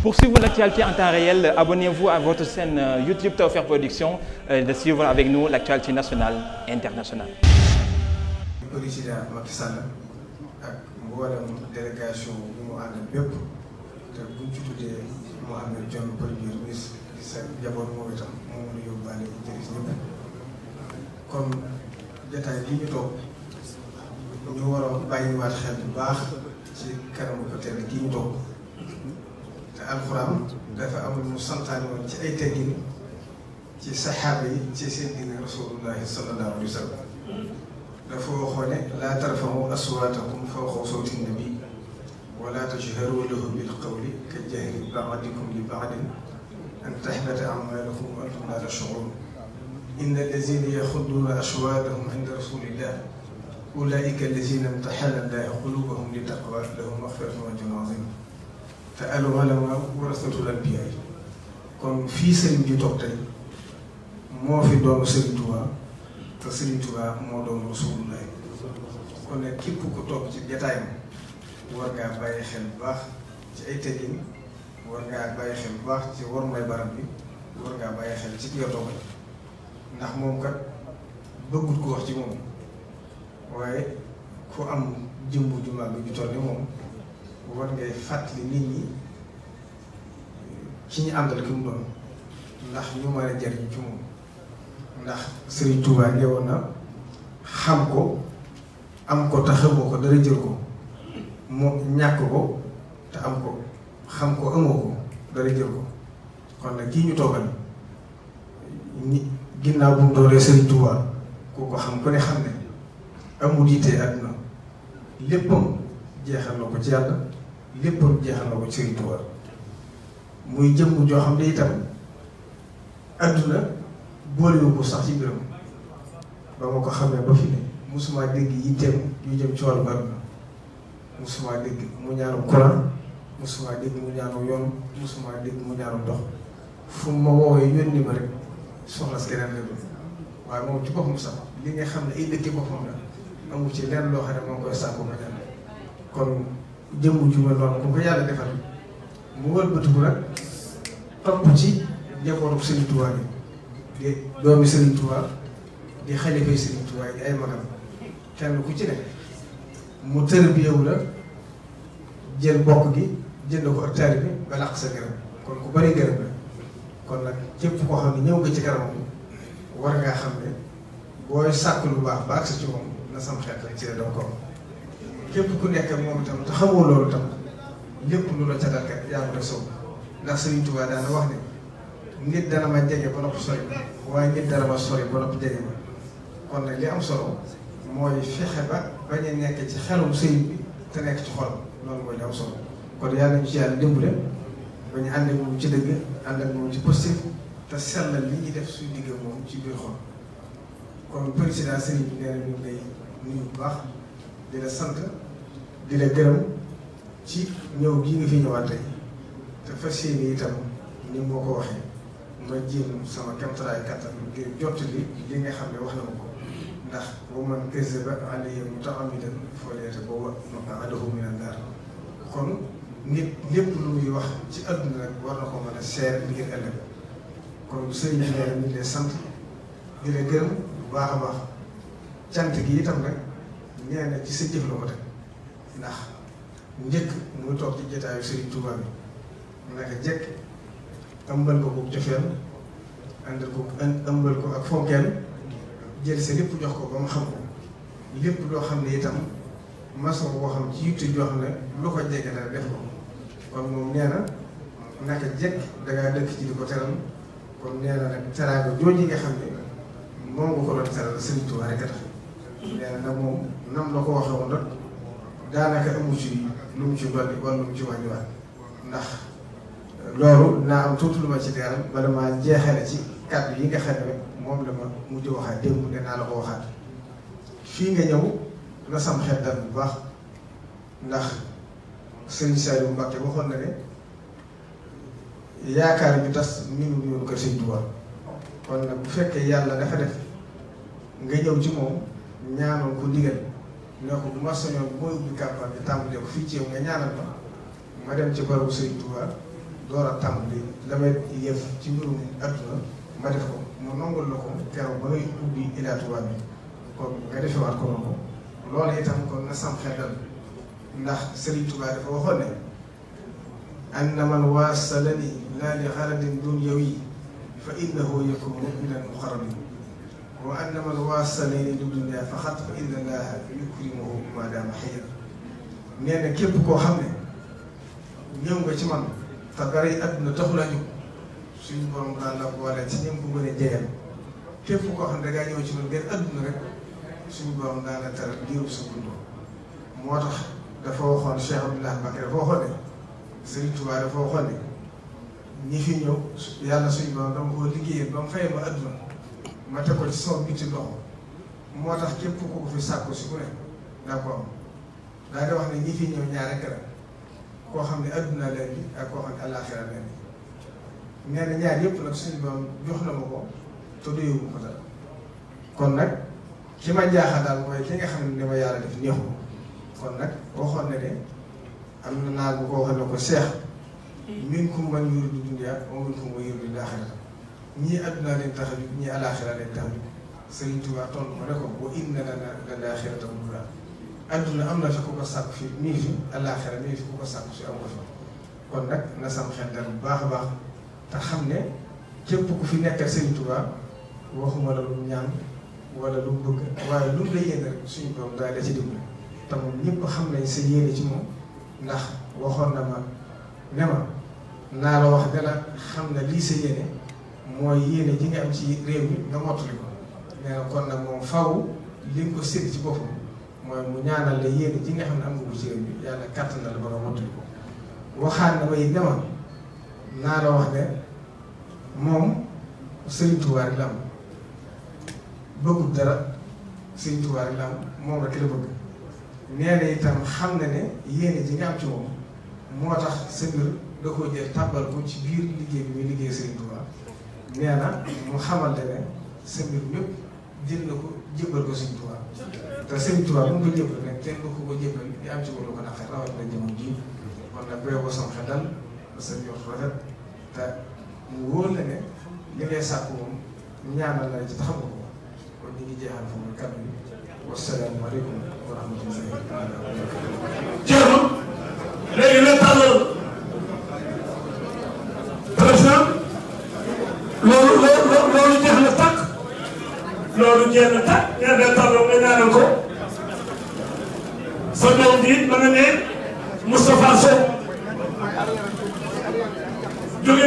Pour suivre l'actualité en temps réel, abonnez-vous à votre chaîne euh, YouTube Tawfekh Production euh, de suivre avec nous l'actualité nationale et internationale. Président Macky Sall ak mboolem délégation bi mu àndal bépp te bu tuddee mu John premier ministre di sa moom itam moo mën a baax ci kanamu peut-être gi ñu toog. te alxuraan dafa amul mu santaane woon ci ay teggin ci saxaaba yi ci seen diine rasulullahi sallallahu alayhi wa sallam dafa waxoon ne laa tarfa'u aswaatakum fawqa sawti nabi wala tajharu lahu bil qawli ka jahri ba'dikum li ba'din an tahbata a'maalukum wa antum laa tash'uruun inna allaziina yaxudduuna aswaatahum inda rasulillahi ulaa'ika allaziina imtaxana llaahu quluubahum li taqwa lahum maghfiratun wa ajrun aziim te al-ulamaa warasatul anbiyaa kon fii sëriñ bi toog tey moo fi doonu sëriñ Tuubaa te sëriñ Tuubaa moo doonu Rasulullaah kon nag képp ku toog ci jataayam war ngaa bàyyi xel bu baax ci ay teggin war ngaa bàyyi xel bu baax ci war mooy barab bi war ngaa bàyyi xel ci ki nga toogal ndax moom kat bëggut ko wax ci moom waaye ku am jëmbu ju màgg ju toll ni moom war ngay fàttali nit ñi ci ñu àndal doon ndax ñu mën a jariñ ci moom ndax Serigne na xam ko am ko te xamoo ko dara jël ko mu ñàkk ko te am ko xam ko amoo dara jël ko kon nag kii ñu toogal ni ginnaaw bu mu dooree Serigne Touba koo ko xam ne xam ne amul yitte àdduna léppam jeexal na ko ci yàlla léppam jeexal na ko Sëriñ Tuubaa muy jëmm joo xam ne itam àdduna boolewu ko sax ci mbiram ba ma ko xamee ba fi ne musuma dégg yitteem yu jëm ci wàllu àdduna musuma dégg mu ñaanu courant musuma dégg mu ñaanu yoon musuma dégg mu ñaanu ndox fu ma woowee yónni ma rek soxlas keneen la doon waaye moom ci boppam sax li nga xam ne ay dëkki boppam la amu ci lenn loo xam ne moo koy sàkku ma ñaan kon jëmm ju ma noonu ku ko yàlla defal mu wëlbatiku nag topp ci njabootu Serigne Touba bi di doomi Serigne Touba di xalifay Serigne Touba di ay magam kenn ku ci ne mu tërbiyewu la jël bokk gi jënd ko ak taalibe bi ba laq sa garab kon ku bari garab la kon nag képp koo xam ne ñëw nga ci garabam war ngaa xam ne booy sàkk lu baax ba ak sa ci na sam xeet rek ci la doo ko képp ku nekk moom tam te xamoo loolu tam lépp lu la ca dal kat yaa ngi koy sow ndax Sëriñ Tuubaa daana wax ne nit dana ma jege ba noppi sori ma waaye nit dana ma sori ba noppi jege ma kon am solo mooy fexe ba bañ a nekk ci xelum sëriñ bi te nekk ci xol loolu mooy li am solo kon yàlla nañu ci yàlla dimbale ba ñu ànd moom ci dëgg ànd ak moom ci positif te sellal li ñuy def suñu digg moom ci biir xol kon président sëriñ bi nee na ñu ngi koy baax. di la sant di la gërëm ci ñëw gii nga fi ñëwaat tey te fas yéene itam ni moo ko waxee ma jéem sama kéemtalaay kattan ngir jottali li nga xam ne wax na ma ko ndax wa man kazzaba alayya mutaammidan falyatabawwa' maq'adahu mina n-naar kon nit lépp lu muy wax ci àdduna rek war na ko mën a seer ngir ëllëg kon sëriñ bi nee na ñu ngi lay sant di la gërëm bu baax a baax cant gi itam rek. nee na ci sa jëf la ko teg ndax njëkk muy toog ci jotaayu Serigne Touba bi naka jëkk ëmbal ko ko jofeel àndal ko ëmbal ko ak fonkeel jël sa lépp jox ko ba xam ko lépp loo xam ne itam maçon boo xam ci yitte joo xam ne lu ko jege la def ko kon moom nee na jëkk dangaa dëkk ci di ko teral kon nee na nag teraanga jooju nga xam ne moom nga ko doon teral Serigne Touba rek a nee na moom nam la ko waxee woon rek daanaka amu ci lu mu ci dolli wala lu mu ci wàññiwaat ndax loolu naa am tuuti lu ma ci leeral bala maa jeexale ci kat yi nga xam ne moom la ma mujj waxaat démb danaa la ko waxaat fii nga ñëw na sam xel dal bu baax ndax sëriñ Saliou Mbacke waxoon na ne yaakaar bi tas miinu yoonu kër Sëriñ Tuubaa kon nag bu fekkee yàlla dafa def nga ñëw ci moom ñaanoon ko ndigal ne ko bu ma soñoon bu ma ubbi campagne bi tàmbalee fii ci yow nga ñaanal ma ma dem ci barabu Sëriñ door a tàmbali la may yëf ci mbirum adduna ma def ko mu nongul la ko keroog ba ngay ubbi Ila Tuubaa bi kon nga defewaat ko noonu loolu itam kon na sam xel dal ndax Sëriñ Tuubaa dafa waxoon ne anna man waasalani laa li xaradin dun yow yi fa innahu yakunu minal muqarrabin wa annama alwaasaliina li dunyaa faqat fa inna llaaha yukrimuhu maa daama xayyan nee na képp koo xam ne ñëw nga ci man te dara yi àdduna taxul a jóg suñu borom daan la boole ci ñoom bu mën a jeyal képp koo xam ne da ci man ngeen àdduna rek suñu borom daan la teral diiru sa moo tax dafa waxoon Cheikh Abdoulaye Bakr dafa waxoon ne Serigne Touba dafa waxoon ne ñi fi ñëw yàlla suñu borom dama koo liggéeyal ba mu ma àdduna. ma teg ko ci sama biti loxo moo tax képp ku ko fi sàkku si ku ne daa ko am daa di wax ne ñi fi ñëw ñaar rek la koo xam ne adduna leen bi ak koo xam ne àllaaxira leen bi nee yëpp nag suñu jox na ma kon nag ki ma daal mooy xam ne ma yàlla def neexu kon na ne am na bu ko waxoon ne ko seex min kum man yuridu dunya wa min kum man yuridu laaxira ñii adduna leen tax a jóg ñii alaaxira leen tax a jóg Sëriñ ma ne ko wa inna lanaa lal-aaxirata wal uulaa adduna am na fi ku ko sàkk fi mi fi alaaxira mi fi ku ko sàkk fi am ko kon nag na sam xel dal bu baax a baax te xam ne képp ku fi nekkal Sëriñ Tuubaa waxuma la lu ñaan wala lu mu bëgg waaye lu mu la yéene rek suñu doom daal da ci dimbali te moom xam nañ sa yéene ci moom ndax waxoon na ma ne ma naa la wax dana xam ne lii sa yéene. mooy yéene ji nga am ci réew mi nga mottali ko na kon nag moom faw li nga ko sédd ci boppam mooy mu ñaanal la yéene ji nga xam ne am nga ko ci réew mi yàlla na la ba nga mottali ko waxaan na ma it dama naa la moom Sëriñ Tuubaa rek la am bëggul dara Sëriñ Tuubaa rek la am moom rek la bëgg nee na itam xam na ne yéene ji nga am moo tax sa mbir da koo jël tàbbal ko ci biir liggéey bi muy liggéey Sëriñ nee na mu xamal la ne sa mbir yëpp jël na ko jébbal ko Sëriñ Tuubaa te Sëriñ Tuubaa bu mu ko jébbal rek te nga ko ko jébbal di am ci wàllu ko naqare rawatina jamono jii kon nag booy woo sama xel dal sa njort rafet mu wóor la ne li ngay sàkk moom ñaanal la ci taxaw nga ko kon ñu ngi jeexal foofu kàddu yi wasalaamaaleykum wa rahmatullahi wa barakatuh doom jeexna tàkk ñaar day tolloo nga ñaanal ko sa doom bi ma nga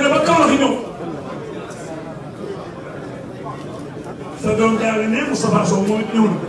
ne ba kaw la ñëw sa doom daa nga ne Moustapha Sow